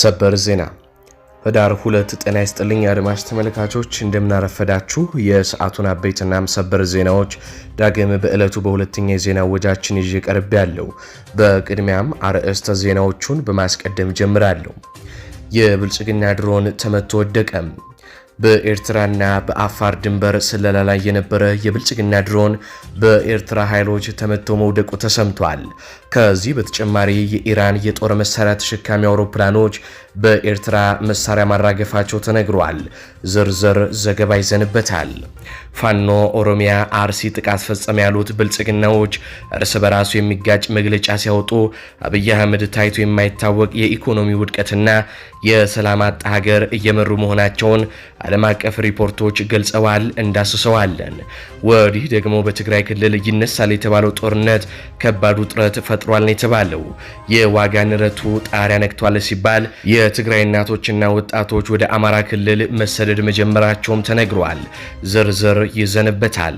ሰበር ዜና ህዳር ሁለት ጤና ይስጥልኝ አድማጭ ተመልካቾች፣ እንደምናረፈዳችሁ የሰዓቱን አበይትና ሰበር ዜናዎች ዳግም በዕለቱ በሁለተኛ የዜና ወጃችን ይዤ ቀርብ ያለው። በቅድሚያም አርዕስተ ዜናዎቹን በማስቀደም ጀምራለሁ። የብልጽግና ድሮን ተመቶ ወደቀም። በኤርትራና በአፋር ድንበር ስለላ ላይ የነበረ የብልጽግና ድሮን በኤርትራ ኃይሎች ተመቶ መውደቁ ተሰምቷል። ከዚህ በተጨማሪ የኢራን የጦር መሳሪያ ተሸካሚ አውሮፕላኖች በኤርትራ መሳሪያ ማራገፋቸው ተነግሯል። ዝርዝር ዘገባ ይዘንበታል። ፋኖ ኦሮሚያ አርሲ ጥቃት ፈጸመ ያሉት ብልጽግናዎች እርስ በራሱ የሚጋጭ መግለጫ ሲያወጡ አብይ አህመድ ታይቶ የማይታወቅ የኢኮኖሚ ውድቀትና የሰላም አጣ ሀገር እየመሩ መሆናቸውን ዓለም አቀፍ ሪፖርቶች ገልጸዋል። እንዳስሰዋለን። ወዲህ ደግሞ በትግራይ ክልል ይነሳል የተባለው ጦርነት ከባድ ውጥረት ተፈጥሯል ነው የተባለው። የዋጋ ንረቱ ጣሪያ ነክቷል ሲባል የትግራይ እናቶችና ወጣቶች ወደ አማራ ክልል መሰደድ መጀመራቸውም ተነግሯል። ዝርዝር ይዘንበታል።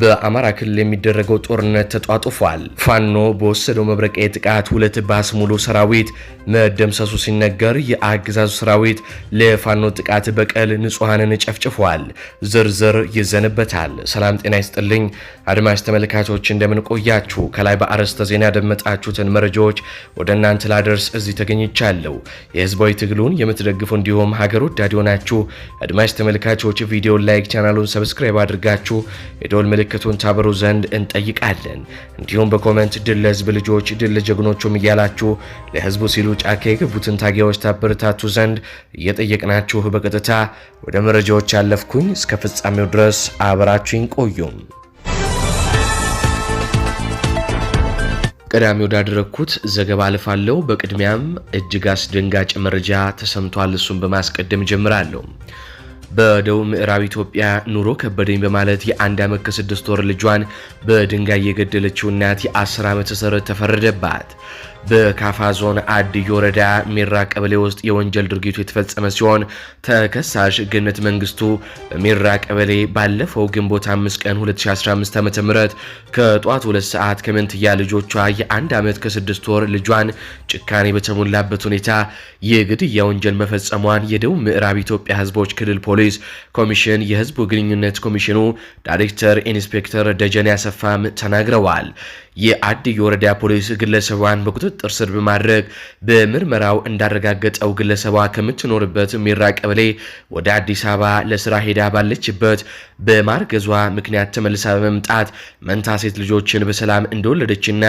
በአማራ ክልል የሚደረገው ጦርነት ተጧጡፏል። ፋኖ በወሰደው መብረቂያ ጥቃት ሁለት ባስ ሙሉ ሰራዊት መደምሰሱ ሲነገር የአገዛዙ ሰራዊት ለፋኖ ጥቃት በቀል ንጹሐንን ጨፍጭፏል። ዝርዝር ይዘንበታል። ሰላም ጤና ይስጥልኝ አድማጭ ተመልካቾች እንደምን ቆያችሁ። ከላይ በአርዕስተ ዜና ደመጠ ያደመጣችሁትን መረጃዎች ወደ እናንተ ላደርስ እዚህ ተገኝቻለሁ። የህዝባዊ ትግሉን የምትደግፉ እንዲሁም ሀገር ወዳድ ሆናችሁ አድማጭ ተመልካቾች ቪዲዮ ላይክ፣ ቻናሉን ሰብስክራይብ አድርጋችሁ የደወል ምልክቱን ታበሩ ዘንድ እንጠይቃለን። እንዲሁም በኮመንት ድል ለህዝብ ልጆች፣ ድል ለጀግኖቹም እያላችሁ ለህዝቡ ሲሉ ጫካ የገቡትን ታጋዮች ታበረታቱ ዘንድ እየጠየቅናችሁ በቀጥታ ወደ መረጃዎች ያለፍኩኝ። እስከ ፍጻሜው ድረስ አብራችሁኝ ቆዩም። ቀዳሚ ወዳደረግኩት ዘገባ አልፋለሁ። በቅድሚያም እጅግ አስደንጋጭ መረጃ ተሰምቷል። እሱን በማስቀደም ጀምራለሁ። በደቡብ ምዕራብ ኢትዮጵያ ኑሮ ከበደኝ በማለት የአንድ ዓመት ከስድስት ወር ልጇን በድንጋይ የገደለችው እናት የ10 ዓመት እስር ተፈረደባት። በካፋ ዞን አድዮ ወረዳ ሜራ ቀበሌ ውስጥ የወንጀል ድርጊቱ የተፈጸመ ሲሆን ተከሳሽ ግነት መንግስቱ በሜራ ቀበሌ ባለፈው ግንቦት 5 ቀን 2015 ዓ ም ከጠዋት ሰዓት ከመንትያ ልጆቿ የአንድ ዓመት ከስድስት ወር ልጇን ጭካኔ በተሞላበት ሁኔታ የግድያ ወንጀል መፈጸሟን የደቡብ ምዕራብ ኢትዮጵያ ህዝቦች ክልል ፖሊስ ፖሊስ ኮሚሽን የህዝብ ግንኙነት ኮሚሽኑ ዳይሬክተር ኢንስፔክተር ደጀን ያሰፋም ተናግረዋል። የአድይ ወረዳ ፖሊስ ግለሰቧን በቁጥጥር ስር በማድረግ በምርመራው እንዳረጋገጠው ግለሰቧ ከምትኖርበት ሚራ ቀበሌ ወደ አዲስ አበባ ለስራ ሄዳ ባለችበት በማርገዟ ምክንያት ተመልሳ በመምጣት መንታ ሴት ልጆችን በሰላም እንደወለደችና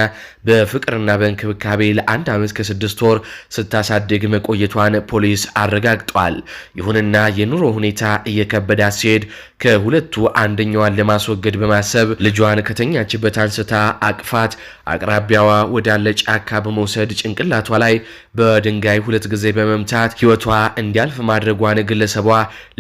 በፍቅርና በእንክብካቤ ለአንድ ዓመት ከስድስት ወር ስታሳድግ መቆየቷን ፖሊስ አረጋግጧል። ይሁንና የኑሮ ሁኔታ ሁኔታ እየከበዳ ሲሄድ ከሁለቱ አንደኛዋን ለማስወገድ በማሰብ ልጇን ከተኛችበት አንስታ አቅፋት አቅራቢያዋ ወዳለ ጫካ በመውሰድ ጭንቅላቷ ላይ በድንጋይ ሁለት ጊዜ በመምታት ሕይወቷ እንዲያልፍ ማድረጓን ግለሰቧ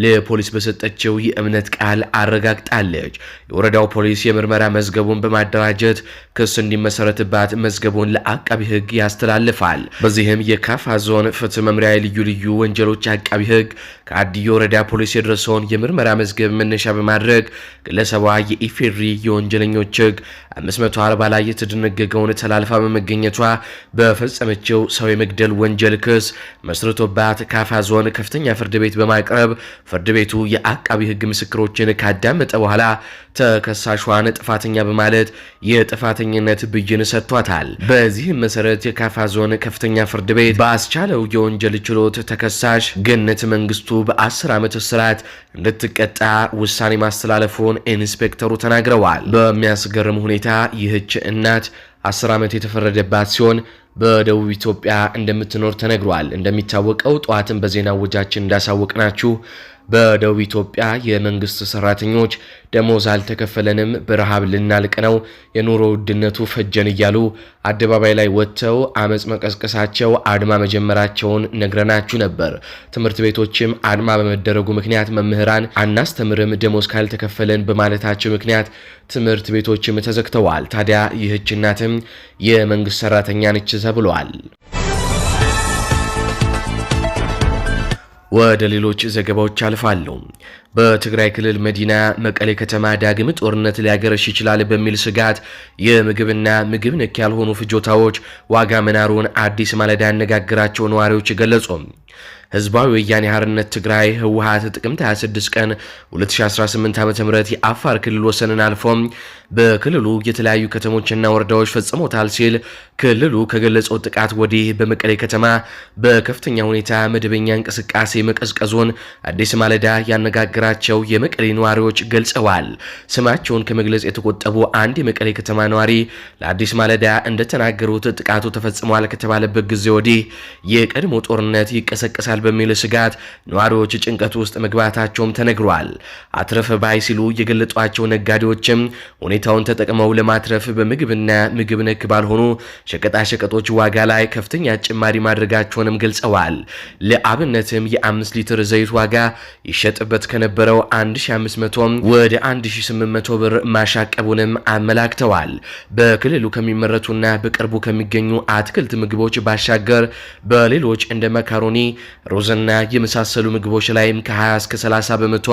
ለፖሊስ በሰጠችው የእምነት ቃል አረጋግጣለች። የወረዳው ፖሊስ የምርመራ መዝገቡን በማደራጀት ክስ እንዲመሰረትባት መዝገቡን ለአቃቢ ሕግ ያስተላልፋል። በዚህም የካፋ ዞን ፍትህ መምሪያ ልዩ ልዩ ወንጀሎች አቃቢ ሕግ ከአዲዮ ወረዳ ፖሊስ ፖሊስ የደረሰውን የምርመራ መዝገብ መነሻ በማድረግ ግለሰቧ የኢፌድሪ የወንጀለኞች ህግ 540 ላይ የተደነገገውን ተላልፋ በመገኘቷ በፈጸመችው ሰው የመግደል ወንጀል ክስ መስርቶባት ካፋ ዞን ከፍተኛ ፍርድ ቤት በማቅረብ ፍርድ ቤቱ የአቃቢ ህግ ምስክሮችን ካዳመጠ በኋላ ተከሳሿን ጥፋተኛ በማለት የጥፋተኝነት ብይን ሰጥቷታል። በዚህም መሰረት የካፋ ዞን ከፍተኛ ፍርድ ቤት ባስቻለው የወንጀል ችሎት ተከሳሽ ገነት መንግስቱ በ10 ዓመት በእስራት እንድትቀጣ ውሳኔ ማስተላለፉን ኢንስፔክተሩ ተናግረዋል። በሚያስገርም ሁኔታ ይህች እናት አስር ዓመት የተፈረደባት ሲሆን በደቡብ ኢትዮጵያ እንደምትኖር ተነግሯል። እንደሚታወቀው ጠዋትን በዜና ወጃችን እንዳሳወቅናችሁ በደቡብ ኢትዮጵያ የመንግስት ሰራተኞች ደሞዝ አልተከፈለንም፣ በረሃብ ልናልቅ ነው፣ የኑሮ ውድነቱ ፈጀን እያሉ አደባባይ ላይ ወጥተው አመፅ መቀስቀሳቸው አድማ መጀመራቸውን ነግረናችሁ ነበር። ትምህርት ቤቶችም አድማ በመደረጉ ምክንያት መምህራን አናስተምርም፣ ደሞዝ ካልተከፈለን በማለታቸው ምክንያት ትምህርት ቤቶችም ተዘግተዋል። ታዲያ ይህች እናትም የመንግስት ሰራተኛ ነች ተብሏል። ወደ ሌሎች ዘገባዎች አልፋለሁ። በትግራይ ክልል መዲና መቀሌ ከተማ ዳግም ጦርነት ሊያገረሽ ይችላል በሚል ስጋት የምግብና ምግብ ነክ ያልሆኑ ፍጆታዎች ዋጋ መናሩን አዲስ ማለዳ ያነጋግራቸው ነዋሪዎች ገለጹ። ህዝባዊ ወያኔ ሓርነት ትግራይ ህወሀት ጥቅምት 26 ቀን 2018 ዓ ም የአፋር ክልል ወሰንን አልፎም በክልሉ የተለያዩ ከተሞችና ወረዳዎች ፈጽሞታል ሲል ክልሉ ከገለጸው ጥቃት ወዲህ በመቀሌ ከተማ በከፍተኛ ሁኔታ መደበኛ እንቅስቃሴ መቀዝቀዙን አዲስ ማለዳ ያነጋገራቸው የመቀሌ ነዋሪዎች ገልጸዋል። ስማቸውን ከመግለጽ የተቆጠቡ አንድ የመቀሌ ከተማ ነዋሪ ለአዲስ ማለዳ እንደተናገሩት ጥቃቱ ተፈጽሟል ከተባለበት ጊዜ ወዲህ የቀድሞ ጦርነት ይቀሰቀሳል ይደርሳል በሚል ስጋት ነዋሪዎች ጭንቀት ውስጥ መግባታቸውም ተነግሯል። አትረፍ ባይ ሲሉ የገለጧቸው ነጋዴዎችም ሁኔታውን ተጠቅመው ለማትረፍ በምግብና ምግብ ነክ ባልሆኑ ሸቀጣሸቀጦች ዋጋ ላይ ከፍተኛ ጭማሪ ማድረጋቸውንም ገልጸዋል። ለአብነትም የ5 ሊትር ዘይት ዋጋ ይሸጥበት ከነበረው 1500 ወደ 1800 ብር ማሻቀቡንም አመላክተዋል። በክልሉ ከሚመረቱና በቅርቡ ከሚገኙ አትክልት ምግቦች ባሻገር በሌሎች እንደ መካሮኒ፣ ሩዝና የመሳሰሉ ምግቦች ላይም ከ20 እስከ 30 በመቶ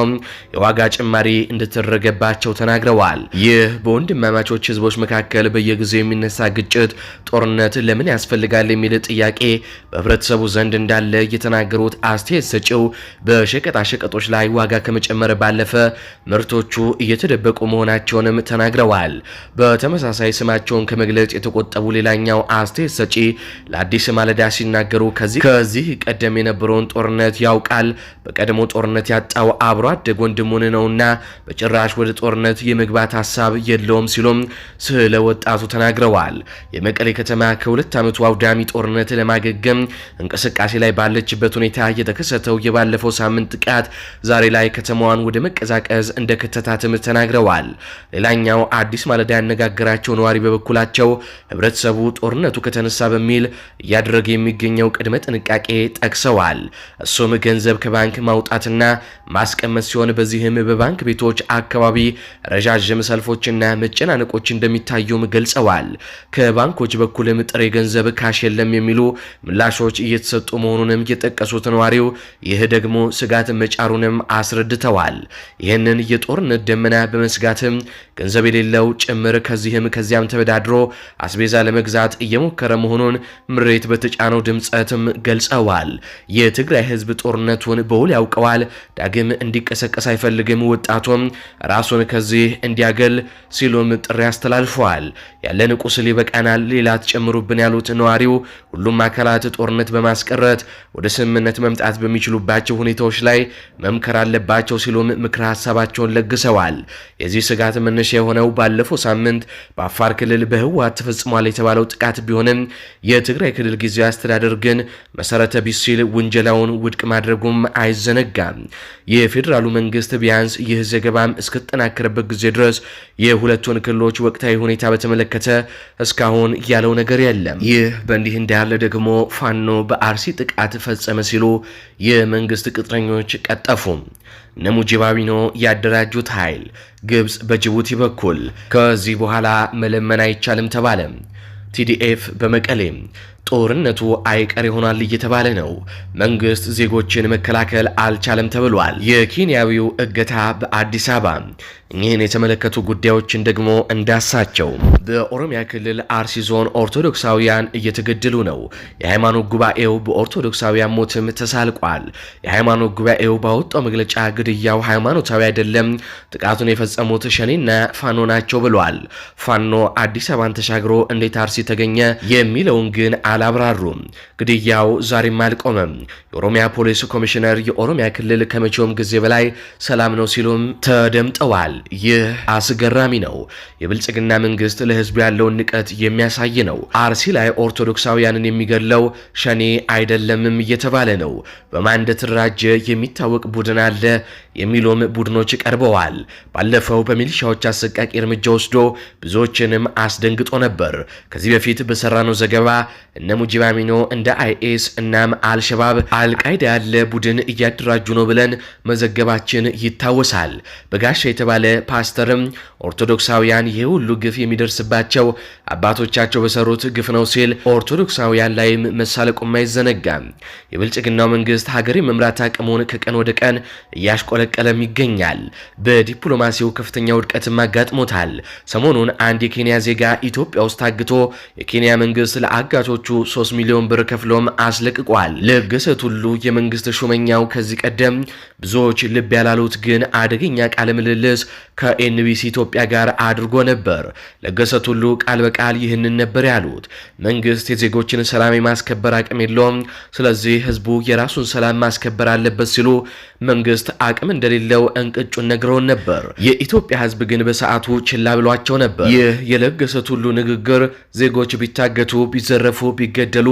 የዋጋ ጭማሪ እንደተደረገባቸው ተናግረዋል። ይህ በወንድማማቾች ህዝቦች መካከል በየጊዜው የሚነሳ ግጭት፣ ጦርነት ለምን ያስፈልጋል የሚል ጥያቄ በህብረተሰቡ ዘንድ እንዳለ የተናገሩት አስተያየት ሰጪው በሸቀጣሸቀጦች ላይ ዋጋ ከመጨመር ባለፈ ምርቶቹ እየተደበቁ መሆናቸውንም ተናግረዋል። በተመሳሳይ ስማቸውን ከመግለጽ የተቆጠቡ ሌላኛው አስተያየት ሰጪ ለአዲስ ማለዳ ሲናገሩ ከዚህ ቀደም የነበሩ የነበረውን ጦርነት ያውቃል። በቀድሞ ጦርነት ያጣው አብሮ አደግ ወንድሙን ነውና በጭራሽ ወደ ጦርነት የመግባት ሀሳብ የለውም ሲሉም ስለ ወጣቱ ተናግረዋል። የመቀሌ ከተማ ከሁለት ዓመቱ አውዳሚ ጦርነት ለማገገም እንቅስቃሴ ላይ ባለችበት ሁኔታ የተከሰተው የባለፈው ሳምንት ጥቃት ዛሬ ላይ ከተማዋን ወደ መቀዛቀዝ እንደከተታትም ተናግረዋል። ሌላኛው አዲስ ማለዳ ያነጋገራቸው ነዋሪ በበኩላቸው ህብረተሰቡ ጦርነቱ ከተነሳ በሚል እያደረገ የሚገኘው ቅድመ ጥንቃቄ ጠቅሰዋል። ተገልጿል። እሱም ገንዘብ ከባንክ ማውጣትና ማስቀመጥ ሲሆን በዚህም በባንክ ቤቶች አካባቢ ረዣዥም ሰልፎችና መጨናነቆች እንደሚታዩም ገልጸዋል። ከባንኮች በኩልም ጥሬ ገንዘብ ካሽ የለም የሚሉ ምላሾች እየተሰጡ መሆኑንም የጠቀሱት ነዋሪው ይህ ደግሞ ስጋት መጫሩንም አስረድተዋል። ይህንን የጦርነት ደመና በመስጋትም ገንዘብ የሌለው ጭምር ከዚህም ከዚያም ተበዳድሮ አስቤዛ ለመግዛት እየሞከረ መሆኑን ምሬት በተጫነው ድምፀትም ገልጸዋል። የትግራይ ህዝብ ጦርነቱን በውል ያውቀዋል። ዳግም እንዲቀሰቀስ አይፈልግም። ወጣቱም ራሱን ከዚህ እንዲያገል ሲሉም ጥሪ አስተላልፈዋል። ያለን ቁስል ይበቃናል፣ ሌላ ትጨምሩብን ያሉት ነዋሪው ሁሉም አካላት ጦርነት በማስቀረት ወደ ስምምነት መምጣት በሚችሉባቸው ሁኔታዎች ላይ መምከር አለባቸው ሲሉም ምክረ ሀሳባቸውን ለግሰዋል። የዚህ ስጋት መነሻ የሆነው ባለፈው ሳምንት በአፋር ክልል በህወሓት ተፈጽሟል የተባለው ጥቃት ቢሆንም የትግራይ ክልል ጊዜያዊ አስተዳደር ግን መሰረተ ቢስ ሲል ውንጅ ውንጀላውን ውድቅ ማድረጉም አይዘነጋም። የፌዴራሉ መንግስት ቢያንስ ይህ ዘገባም እስከጠናከረበት ጊዜ ድረስ የሁለቱን ክልሎች ወቅታዊ ሁኔታ በተመለከተ እስካሁን ያለው ነገር የለም። ይህ በእንዲህ እንዳለ ደግሞ ፋኖ በአርሲ ጥቃት ፈጸመ ሲሉ የመንግስት ቅጥረኞች ቀጠፉ። እነ ያደራጁት ኃይል ግብፅ በጅቡቲ በኩል ከዚህ በኋላ መለመን አይቻልም ተባለ። ቲዲኤፍ በመቀሌም ጦርነቱ አይቀር ይሆናል እየተባለ ነው። መንግስት ዜጎችን መከላከል አልቻለም ተብሏል። የኬንያዊው እገታ በአዲስ አበባ ይህን የተመለከቱ ጉዳዮችን ደግሞ እንዳሳቸው በኦሮሚያ ክልል አርሲ ዞን ኦርቶዶክሳውያን እየተገደሉ ነው። የሃይማኖት ጉባኤው በኦርቶዶክሳውያን ሞትም ተሳልቋል። የሃይማኖት ጉባኤው ባወጣው መግለጫ ግድያው ሃይማኖታዊ አይደለም፣ ጥቃቱን የፈጸሙት ሸኔና ፋኖ ናቸው ብሏል። ፋኖ አዲስ አበባን ተሻግሮ እንዴት አርሲ ተገኘ የሚለውን ግን አላብራሩም። ግድያው ዛሬም አልቆመም። የኦሮሚያ ፖሊስ ኮሚሽነር የኦሮሚያ ክልል ከመቼውም ጊዜ በላይ ሰላም ነው ሲሉም ተደምጠዋል። ይህ አስገራሚ ነው። የብልጽግና መንግስት ለህዝቡ ያለውን ንቀት የሚያሳይ ነው። አርሲ ላይ ኦርቶዶክሳውያንን የሚገድለው ሸኔ አይደለምም እየተባለ ነው። በማን እንደተደራጀ የሚታወቅ ቡድን አለ የሚሉም ቡድኖች ቀርበዋል። ባለፈው በሚሊሻዎች አሰቃቂ እርምጃ ወስዶ ብዙዎችንም አስደንግጦ ነበር። ከዚህ በፊት በሰራነው ዘገባ እነ ሙጂብ አሚኖ እንደ አይኤስ እናም አልሸባብ፣ አልቃይዳ ያለ ቡድን እያደራጁ ነው ብለን መዘገባችን ይታወሳል። በጋሻ የተባለ ፓስተርም ኦርቶዶክሳውያን ይህ ሁሉ ግፍ የሚደርስባቸው አባቶቻቸው በሰሩት ግፍ ነው ሲል ኦርቶዶክሳውያን ላይም መሳለቁም አይዘነጋም። የብልጽግናው መንግስት ሀገር የመምራት አቅሙን ከቀን ወደ ቀን እያሽቆለ በመቀለም ይገኛል። በዲፕሎማሲው ከፍተኛ ውድቀትም አጋጥሞታል። ሰሞኑን አንድ የኬንያ ዜጋ ኢትዮጵያ ውስጥ ታግቶ የኬንያ መንግስት ለአጋቾቹ 3 ሚሊዮን ብር ከፍሎም አስለቅቋል። ለገሰት ሁሉ የመንግስት ሹመኛው ከዚህ ቀደም ብዙዎች ልብ ያላሉት ግን አደገኛ ቃለ ምልልስ ከኤንቢሲ ኢትዮጵያ ጋር አድርጎ ነበር። ለገሰት ሁሉ ቃል በቃል ይህንን ነበር ያሉት። መንግስት የዜጎችን ሰላም የማስከበር አቅም የለውም፣ ስለዚህ ህዝቡ የራሱን ሰላም ማስከበር አለበት ሲሉ መንግስት አቅም እንደሌለው እንቅጩን ነግረውን ነበር። የኢትዮጵያ ህዝብ ግን በሰዓቱ ችላ ብሏቸው ነበር። ይህ የለገሰት ሁሉ ንግግር ዜጎች ቢታገቱ፣ ቢዘረፉ፣ ቢገደሉ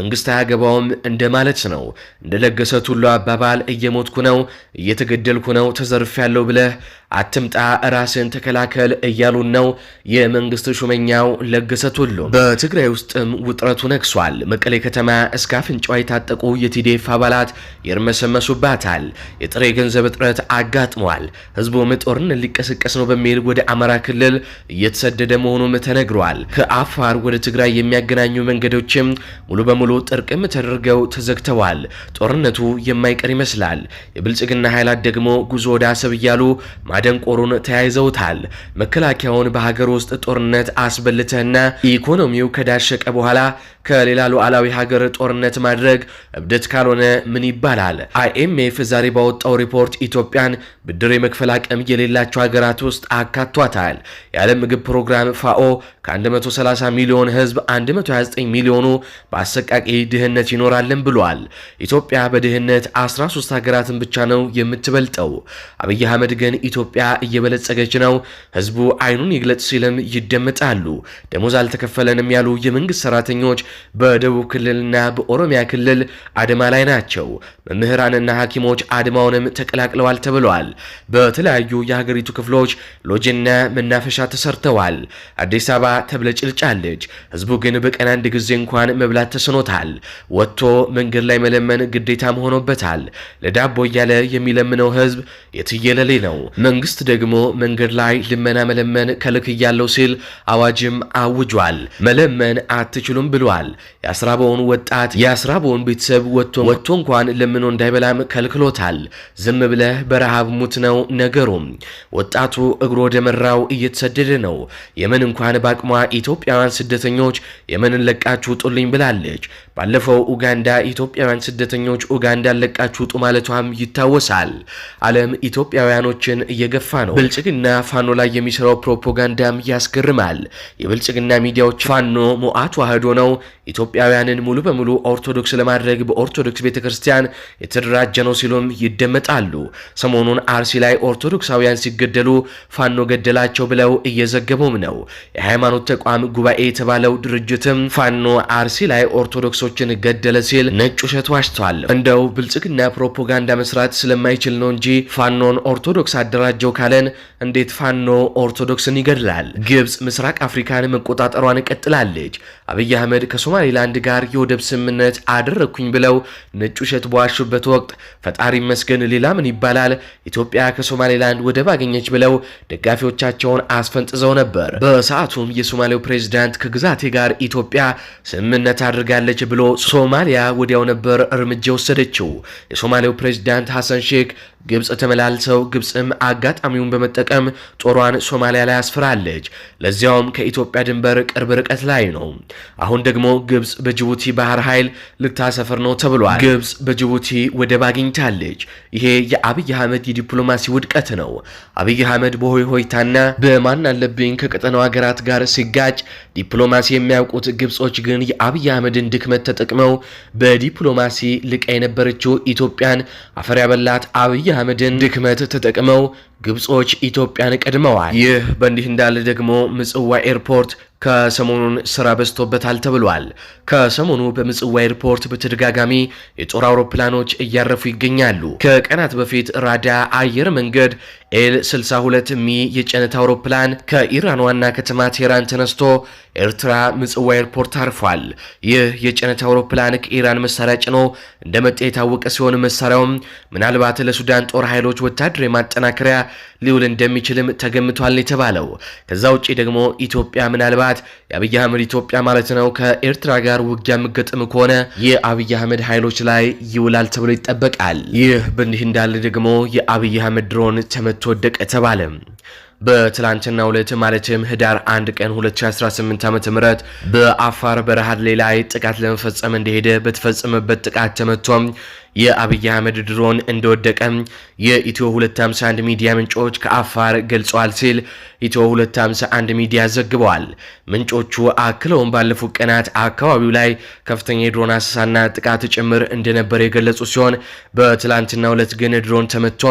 መንግስት አያገባውም እንደማለት ነው። እንደ ለገሰት ሁሉ አባባል እየሞትኩ ነው፣ እየተገደልኩ ነው፣ ተዘርፍ ያለው ብለህ አትምጣ ራስን ተከላከል እያሉን ነው የመንግስት ሹመኛው ለገሰት ሁሉ በትግራይ ውስጥም ውጥረቱ ነግሷል። መቀሌ ከተማ እስከ አፍንጫዋ የታጠቁ የቲዴፍ አባላት ይርመሰመሱባታል። የጥሬ ገንዘብ እጥረት ውጥረት አጋጥሟል። ህዝቡም ጦርነት ሊቀሰቀስ ነው በሚል ወደ አማራ ክልል እየተሰደደ መሆኑም ተነግሯል። ከአፋር ወደ ትግራይ የሚያገናኙ መንገዶችም ሙሉ በሙሉ ጥርቅም ተደርገው ተዘግተዋል። ጦርነቱ የማይቀር ይመስላል። የብልጽግና ኃይላት ደግሞ ጉዞ ወደ አሰብ እያሉ ማደንቆሩን ተያይዘውታል። መከላከያውን በሀገር ውስጥ ጦርነት አስበልተና ኢኮኖሚው ከዳሸቀ በኋላ ከሌላ ሉዓላዊ ሀገር ጦርነት ማድረግ እብደት ካልሆነ ምን ይባላል? አይኤምኤፍ ዛሬ ባወጣው ሪፖርት ኢትዮጵያን ብድር የመክፈል አቅም የሌላቸው ሀገራት ውስጥ አካቷታል። የዓለም ምግብ ፕሮግራም ፋኦ ከ130 ሚሊዮን ህዝብ 129 ሚሊዮኑ በአሰቃቂ ድህነት ይኖራልን ብሏል። ኢትዮጵያ በድህነት 13 ሀገራትን ብቻ ነው የምትበልጠው። አብይ አህመድ ግን ኢትዮጵያ እየበለጸገች ነው፣ ህዝቡ አይኑን ይግለጽ ሲልም ይደመጣሉ። ደሞዝ አልተከፈለንም ያሉ የመንግስት ሰራተኞች በደቡብ ክልልና በኦሮሚያ ክልል አድማ ላይ ናቸው። መምህራንና ሐኪሞች አድማውንም ተቀላቅለው ተተክለዋል ተብለዋል። በተለያዩ የሀገሪቱ ክፍሎች ሎጅና መናፈሻ ተሰርተዋል። አዲስ አበባ ተብለጭልጫለች። ህዝቡ ግን በቀን አንድ ጊዜ እንኳን መብላት ተስኖታል። ወጥቶ መንገድ ላይ መለመን ግዴታም ሆኖበታል። ለዳቦ እያለ የሚለምነው ህዝብ የትየለሌ ነው። መንግስት ደግሞ መንገድ ላይ ልመና መለመን ከልክ እያለው ሲል አዋጅም አውጇል። መለመን አትችሉም ብሏል። የአስራበውን ወጣት የአስራበውን ቤተሰብ ወጥቶ እንኳን ለምኖ እንዳይበላም ከልክሎታል። ዝም ብለ በረሃብ ሙት ነው ነገሩ። ወጣቱ እግሮ ወደ መራው እየተሰደደ ነው። የመን እንኳን በአቅሟ ኢትዮጵያውያን ስደተኞች የመንን ለቃችሁ ውጡልኝ ብላለች። ባለፈው ኡጋንዳ ኢትዮጵያውያን ስደተኞች ኡጋንዳን ለቃችሁ ውጡ ማለቷም ይታወሳል። ዓለም ኢትዮጵያውያኖችን እየገፋ ነው። ብልጽግና ፋኖ ላይ የሚሰራው ፕሮፓጋንዳም ያስገርማል። የብልጽግና ሚዲያዎች ፋኖ ሞዓ ተዋህዶ ነው ኢትዮጵያውያንን ሙሉ በሙሉ ኦርቶዶክስ ለማድረግ በኦርቶዶክስ ቤተክርስቲያን የተደራጀ ነው ሲሉም ይደመጣሉ። ሰሞኑን አርሲ ላይ ኦርቶዶክሳውያን ሲገደሉ ፋኖ ገደላቸው ብለው እየዘገቡም ነው። የሃይማኖት ተቋም ጉባኤ የተባለው ድርጅትም ፋኖ አርሲ ላይ ኦርቶዶክሶችን ገደለ ሲል ነጭ ውሸት ዋሽቷል። እንደው ብልጽግና ፕሮፓጋንዳ መስራት ስለማይችል ነው እንጂ ፋኖን ኦርቶዶክስ አደራጀው ካለን እንዴት ፋኖ ኦርቶዶክስን ይገድላል? ግብፅ ምስራቅ አፍሪካን መቆጣጠሯን ቀጥላለች። አብይ አህመድ ከሶማሌላንድ ጋር የወደብ ስምምነት አደረግኩኝ ብለው ነጭ ውሸት በዋሹበት ወቅት ፈጣሪ መስገን ሌላ ምን ይባላል ኢትዮጵያ ከሶማሌላንድ ወደብ አገኘች ብለው ደጋፊዎቻቸውን አስፈንጥዘው ነበር። በሰዓቱም የሶማሌው ፕሬዚዳንት ከግዛቴ ጋር ኢትዮጵያ ስምምነት አድርጋለች ብሎ ሶማሊያ ወዲያው ነበር እርምጃ ወሰደችው። የሶማሌው ፕሬዚዳንት ሐሰን ሼክ ግብፅ ተመላልሰው ግብፅም አጋጣሚውን በመጠቀም ጦሯን ሶማሊያ ላይ አስፍራለች። ለዚያውም ከኢትዮጵያ ድንበር ቅርብ ርቀት ላይ ነው። አሁን ደግሞ ግብፅ በጅቡቲ ባህር ኃይል ልታሰፍር ነው ተብሏል። ግብፅ በጅቡቲ ወደብ አግኝታለች። ይሄ የአብይ አህመድ የዲፕሎማሲ ውድቀት ነው። አብይ አህመድ በሆይ ሆይታና በማን አለብኝ ከቀጠናው ሀገራት ጋር ሲጋጭ፣ ዲፕሎማሲ የሚያውቁት ግብጾች ግን የአብይ አህመድን ድክመት ተጠቅመው በዲፕሎማሲ ልቃ የነበረችው ኢትዮጵያን አፈር ያበላት አብይ አህመድን ድክመት ተጠቅመው ግብጾች ኢትዮጵያን ቀድመዋል። ይህ በእንዲህ እንዳለ ደግሞ ምጽዋ ኤርፖርት ከሰሞኑን ስራ በዝቶበታል ተብሏል። ከሰሞኑ በምጽዋ ኤርፖርት በተደጋጋሚ የጦር አውሮፕላኖች እያረፉ ይገኛሉ። ከቀናት በፊት ራዳ አየር መንገድ ኤል 62 ሚ የጭነት አውሮፕላን ከኢራን ዋና ከተማ ቴህራን ተነስቶ ኤርትራ ምጽዋ ኤርፖርት አርፏል። ይህ የጭነት አውሮፕላን ከኢራን መሳሪያ ጭኖ እንደመጣ የታወቀ ሲሆን መሳሪያውም ምናልባት ለሱዳን ጦር ኃይሎች ወታደራዊ ማጠናከሪያ ሊውል እንደሚችልም ተገምቷል የተባለው። ከዛ ውጪ ደግሞ ኢትዮጵያ ምናልባት የአብይ አህመድ ኢትዮጵያ ማለት ነው ከኤርትራ ጋር ውጊያ የምገጥም ከሆነ የአብይ አህመድ ኃይሎች ላይ ይውላል ተብሎ ይጠበቃል። ይህ በእንዲህ እንዳለ ደግሞ የአብይ አህመድ ድሮን ተመቶ መሬት ወደቀ ተባለ። በትላንትና ሁለት ማለትም ህዳር 1 ቀን 2018 ዓ.ም በአፋር በረሃሌ ላይ ጥቃት ለመፈጸም እንደሄደ በተፈጸመበት ጥቃት ተመትቶም የአብይ አህመድ ድሮን እንደወደቀ የኢትዮ 251 ሚዲያ ምንጮች ከአፋር ገልጸዋል ሲል ኢትዮ 251 ሚዲያ ዘግበዋል። ምንጮቹ አክለውን ባለፉት ቀናት አካባቢው ላይ ከፍተኛ የድሮን አሰሳና ጥቃት ጭምር እንደነበረ የገለጹ ሲሆን በትላንትናው ዕለት ግን ድሮን ተመቶ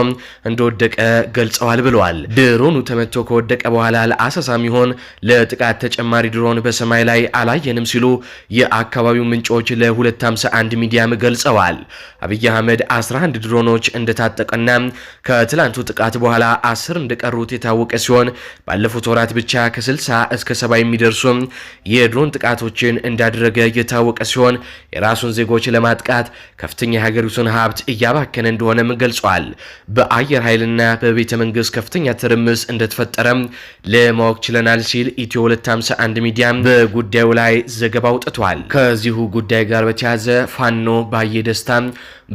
እንደወደቀ ገልጸዋል ብለዋል። ድሮኑ ተመቶ ከወደቀ በኋላ ለአሰሳም ይሆን ለጥቃት ተጨማሪ ድሮን በሰማይ ላይ አላየንም ሲሉ የአካባቢው ምንጮች ለ251 ሚዲያም ገልጸዋል። አብይ አህመድ 11 ድሮኖች እንደታጠቀና ከትላንቱ ጥቃት በኋላ 10 እንደቀሩት የታወቀ ሲሆን ባለፉት ወራት ብቻ ከ60 እስከ 70 የሚደርሱ የድሮን ጥቃቶችን እንዳደረገ የታወቀ ሲሆን የራሱን ዜጎች ለማጥቃት ከፍተኛ የሀገሪቱን ሀብት እያባከነ እንደሆነም ገልጿል። በአየር ኃይልና በቤተ መንግስት ከፍተኛ ትርምስ እንደተፈጠረም ለማወቅ ችለናል ሲል ኢትዮ 251 ሚዲያም በጉዳዩ ላይ ዘገባ አውጥቷል። ከዚሁ ጉዳይ ጋር በተያያዘ ፋኖ ባየ ደስታ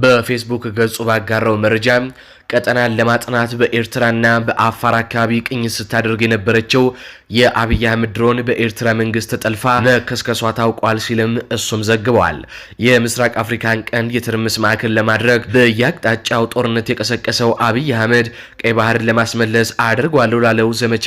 በፌስቡክ ገጹ ባጋራው መረጃ ቀጠናን ለማጥናት በኤርትራና በአፋር አካባቢ ቅኝት ስታደርግ የነበረችው የአብይ አህመድ ድሮን በኤርትራ መንግስት ተጠልፋ መከስከሷ ታውቋል ሲልም እሱም ዘግበዋል። የምስራቅ አፍሪካን ቀንድ የትርምስ ማዕከል ለማድረግ በየአቅጣጫው ጦርነት የቀሰቀሰው አብይ አህመድ ቀይ ባህርን ለማስመለስ አድርጓለሁ ላለው ዘመቻ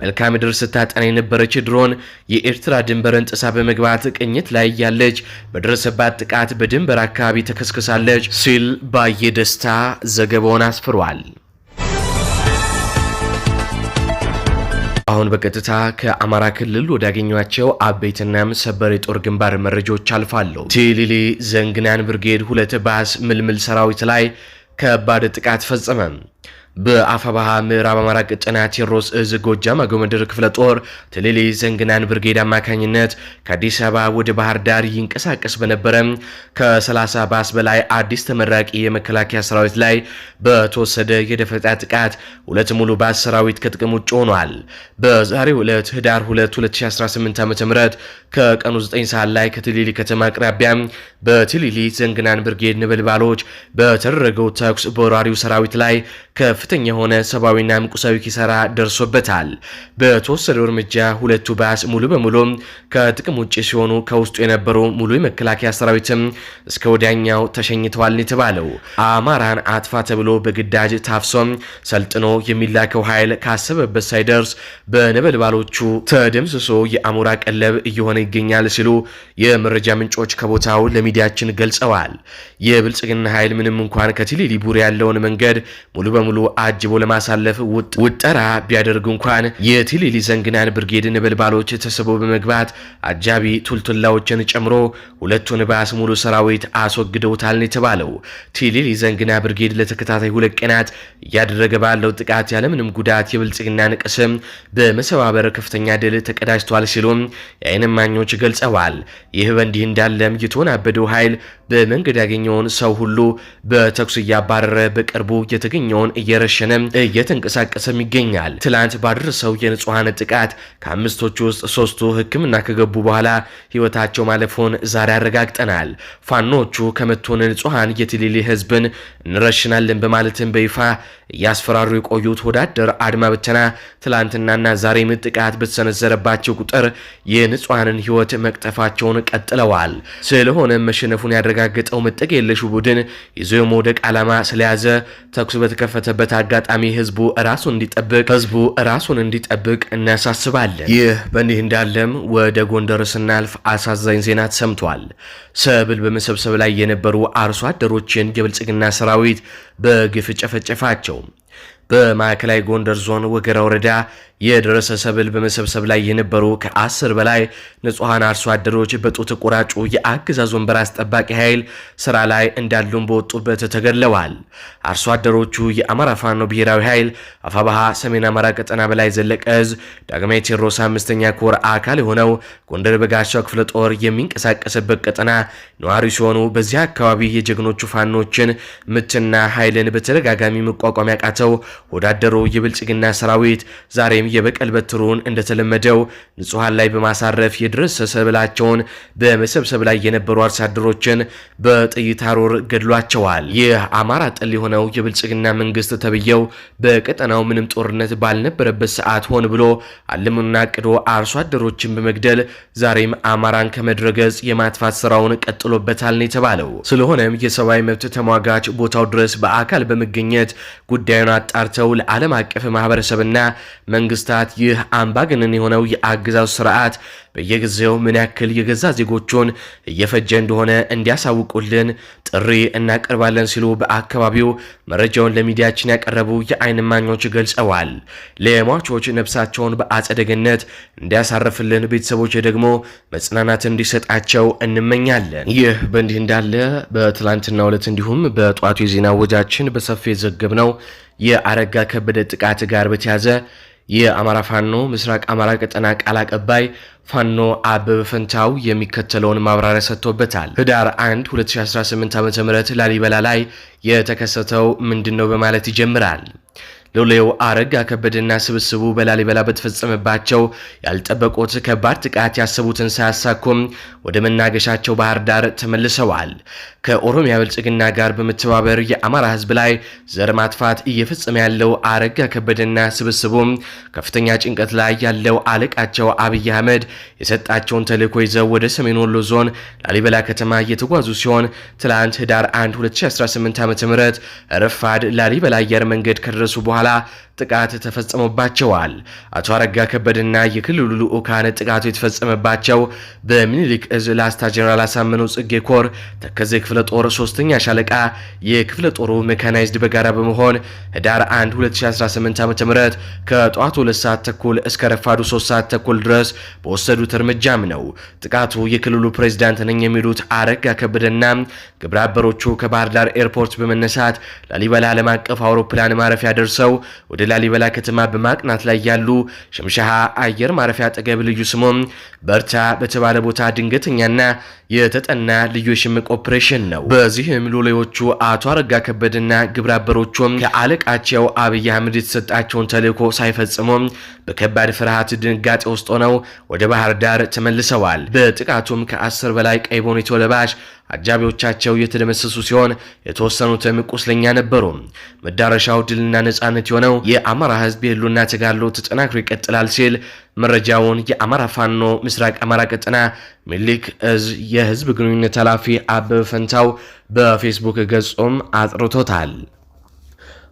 መልካም ምድር ስታጠና የነበረች ድሮን የኤርትራ ድንበርን ጥሳ በመግባት ቅኝት ላይ ያለች በደረሰባት ጥቃት በድንበር አካባቢ ተከስክሳለች ሲል ባየ ደስታ ዘገባውን አስፍሯል። አሁን በቀጥታ ከአማራ ክልል ወዳገኟቸው አበይትና ሰበር የጦር ግንባር መረጃዎች አልፋለሁ። ቲሊሊ ዘንግናን ብርጌድ ሁለት ባስ ምልምል ሰራዊት ላይ ከባድ ጥቃት ፈጸመም። በአፋባሃ ምዕራብ አማራ ቀጠና ቴዎድሮስ እዝ ጎጃም አገው ምድር ክፍለ ጦር ትልሌ ዘንግናን ብርጌድ አማካኝነት ከአዲስ አበባ ወደ ባህር ዳር ይንቀሳቀስ በነበረ ከ30 ባስ በላይ አዲስ ተመራቂ የመከላከያ ሰራዊት ላይ በተወሰደ የደፈጣ ጥቃት ሁለት ሙሉ ባስ ሰራዊት ከጥቅም ውጭ ሆኗል። በዛሬው ዕለት ህዳር 2 2018 ዓ ም ከቀኑ 9 ሰዓት ላይ ከትልሌ ከተማ አቅራቢያ በትልሌ ዘንግናን ብርጌድ ነበልባሎች በተደረገው ተኩስ በወራሪው ሰራዊት ላይ ከፍተኛ የሆነ ሰብአዊና ቁሳዊ ኪሳራ ደርሶበታል። በተወሰደው እርምጃ ሁለቱ ባስ ሙሉ በሙሉ ከጥቅም ውጭ ሲሆኑ ከውስጡ የነበሩ ሙሉ የመከላከያ ሰራዊትም እስከ ወዲያኛው ተሸኝተዋል የተባለው አማራን አጥፋ ተብሎ በግዳጅ ታፍሶም ሰልጥኖ የሚላከው ኃይል ካሰበበት ሳይደርስ በነበልባሎቹ ተደምስሶ የአሞራ ቀለብ እየሆነ ይገኛል ሲሉ የመረጃ ምንጮች ከቦታው ለሚዲያችን ገልጸዋል። የብልጽግና ኃይል ምንም እንኳን ከቲሊሊ ቡሬ ያለውን መንገድ ሙሉ በሙሉ በሙሉ አጅቦ ለማሳለፍ ውጠራ ቢያደርጉ እንኳን የቲሊሊ ዘንግናን ብርጌድ ነበልባሎች ተስቦ በመግባት አጃቢ ቱልቱላዎችን ጨምሮ ሁለቱን ባስ ሙሉ ሰራዊት አስወግደውታል ነው የተባለው። ቲሊሊ ዘንግና ብርጌድ ለተከታታይ ሁለት ቀናት እያደረገ ባለው ጥቃት ያለምንም ጉዳት የብልጽግናን ቅስም በመሰባበር ከፍተኛ ድል ተቀዳጅቷል ሲሉም የአይን እማኞች ገልጸዋል። ይህ በእንዲህ እንዳለም የተወናበደው ኃይል በመንገድ ያገኘውን ሰው ሁሉ በተኩስ እያባረረ በቅርቡ የተገኘውን እየረሸነ እየተንቀሳቀሰም ይገኛል። ትላንት ባደረሰው የንጹሐን ጥቃት ከአምስቶቹ ውስጥ ሶስቱ ሕክምና ከገቡ በኋላ ህይወታቸው ማለፉን ዛሬ አረጋግጠናል። ፋኖቹ ከመቶን ንጹሐን የትሊሊ ህዝብን እንረሽናለን በማለትም በይፋ እያስፈራሩ የቆዩት ወዳደር አድማ ብተና ትላንትናና ዛሬም ጥቃት በተሰነዘረባቸው ቁጥር የንጹሐንን ህይወት መቅጠፋቸውን ቀጥለዋል። ስለሆነ መሸነፉን ያደረጋል ያረጋገጠው ምጥቅ የለሹ ቡድን ይዞ የመውደቅ ዓላማ ስለያዘ ተኩስ በተከፈተበት አጋጣሚ ህዝቡ ራሱን እንዲጠብቅ ህዝቡ ራሱን እንዲጠብቅ እናሳስባለን። ይህ በእንዲህ እንዳለም ወደ ጎንደር ስናልፍ አሳዛኝ ዜና ተሰምቷል። ሰብል በመሰብሰብ ላይ የነበሩ አርሶ አደሮችን የብልጽግና ሰራዊት በግፍ ጨፈጨፋቸው። በማዕከላዊ ጎንደር ዞን ወገራ ወረዳ የደረሰ ሰብል በመሰብሰብ ላይ የነበሩ ከአስር በላይ ንጹሐን አርሶ አደሮች በጡት ቆራጩ የአገዛዙ ወንበር አስጠባቂ ኃይል ስራ ላይ እንዳሉም በወጡበት ተገድለዋል። አርሶ አደሮቹ የአማራ ፋኖ ብሔራዊ ኃይል አፋባሃ ሰሜን አማራ ቀጠና በላይ ዘለቀ እዝ ዳግማዊ ቴዎድሮስ አምስተኛ ኮር አካል የሆነው ጎንደር በጋሻው ክፍለ ጦር የሚንቀሳቀስበት ቀጠና ነዋሪ ሲሆኑ በዚህ አካባቢ የጀግኖቹ ፋኖችን ምትና ኃይልን በተደጋጋሚ መቋቋም ያቃተው ወዳደሩ የብልጽግና ሰራዊት ዛሬም የበቀል በትሩን እንደተለመደው ንጹሐን ላይ በማሳረፍ የደረሰ ሰብላቸውን በመሰብሰብ ላይ የነበሩ አርሶ አደሮችን በጥይት አሩር ገድሏቸዋል። ይህ አማራ ጠል የሆነው የብልጽግና መንግስት ተብየው በቀጠናው ምንም ጦርነት ባልነበረበት ሰዓት ሆን ብሎ አለምና ቅዶ አርሶ አደሮችን በመግደል ዛሬም አማራን ከመድረገጽ የማጥፋት ስራውን ቀጥሎበታል ነው የተባለው። ስለሆነም የሰብአዊ መብት ተሟጋች ቦታው ድረስ በአካል በመገኘት ጉዳዩን አጣርተው ለዓለም አቀፍ ማህበረሰብና መንግስት መንግስታት ይህ አምባገነን የሆነው የአገዛዙ ስርዓት በየጊዜው ምን ያክል የገዛ ዜጎቹን እየፈጀ እንደሆነ እንዲያሳውቁልን ጥሪ እናቀርባለን ሲሉ በአካባቢው መረጃውን ለሚዲያችን ያቀረቡ የአይን ማኞች ገልጸዋል። ለሟቾች ነፍሳቸውን በአጸደ ገነት እንዲያሳርፍልን፣ ቤተሰቦች ደግሞ መጽናናት እንዲሰጣቸው እንመኛለን። ይህ በእንዲህ እንዳለ በትላንትና ዕለት እንዲሁም በጠዋቱ የዜና ወጃችን በሰፊ የዘገብነው የአረጋ ከበደ ጥቃት ጋር በተያያዘ የአማራ ፋኖ ምስራቅ አማራ ቀጠና ቃል አቀባይ ፋኖ አበበ ፈንታው የሚከተለውን ማብራሪያ ሰጥቶበታል። ህዳር 1 2018 ዓ ም ላሊበላ ላይ የተከሰተው ምንድን ነው በማለት ይጀምራል። ሎሌው አረግ አከበደና ስብስቡ በላሊበላ በተፈጸመባቸው ያልጠበቁት ከባድ ጥቃት ያሰቡትን ሳያሳኩም ወደ መናገሻቸው ባህር ዳር ተመልሰዋል። ከኦሮሚያ ብልጽግና ጋር በመተባበር የአማራ ህዝብ ላይ ዘር ማጥፋት እየፈጸመ ያለው አረጋ ከበደና ስብስቡም ከፍተኛ ጭንቀት ላይ ያለው አለቃቸው አብይ አህመድ የሰጣቸውን ተልዕኮ ይዘው ወደ ሰሜን ወሎ ዞን ላሊበላ ከተማ እየተጓዙ ሲሆን ትላንት ህዳር 1 2018 ዓ ም ረፋድ ላሊበላ አየር መንገድ ከደረሱ በኋላ ጥቃት ተፈጽሞባቸዋል። አቶ አረጋ ከበደና የክልሉ ልዑካን ጥቃቱ የተፈጸመባቸው በሚኒሊክ እዝ ላስታ ጀኔራል አሳምነው ጽጌ ኮር ተከዜ ክፍለ ጦር ሶስተኛ ሻለቃ የክፍለ ጦሩ ሜካናይዝድ በጋራ በመሆን ህዳር 1 2018 ዓ.ም ከጠዋቱ 2 ሰዓት ተኩል እስከ ረፋዱ 3 ሰዓት ተኩል ድረስ በወሰዱት እርምጃም ነው። ጥቃቱ የክልሉ ፕሬዝዳንት ነኝ የሚሉት አረጋ ከበደና ግብረ አበሮቹ ከባህር ዳር ኤርፖርት በመነሳት ላሊበላ ዓለም አቀፍ አውሮፕላን ማረፊያ ደርሰው ወደ ላሊበላ ከተማ በማቅናት ላይ ያሉ ሽምሻሃ አየር ማረፊያ አጠገብ ልዩ ስሙም በርታ በተባለ ቦታ ድንገተኛና የተጠና ልዩ የሽምቅ ኦፕሬሽን ነው። በዚህም ሎሌዎቹ አቶ አረጋ ከበድና ግብረአበሮቹም ከአለቃቸው አብይ አህመድ የተሰጣቸውን ተልዕኮ ሳይፈጽሙም በከባድ ፍርሃት ድንጋጤ ውስጥ ሆነው ወደ ባህር ዳር ተመልሰዋል። በጥቃቱም ከአስር በላይ ቀይ ቦኔቶ ለባሽ አጃቢዎቻቸው የተደመሰሱ ሲሆን የተወሰኑትም ቁስለኛ ነበሩ። መዳረሻው ድልና ነጻነት የሆነው የአማራ ህዝብ የህልውና ተጋድሎ ተጠናክሮ ይቀጥላል ሲል መረጃውን የአማራ ፋኖ ምስራቅ አማራ ቀጠና ሚሊክ እዝ የህዝብ ግንኙነት ኃላፊ አበበ ፈንታው በፌስቡክ ገጾም አጥርቶታል።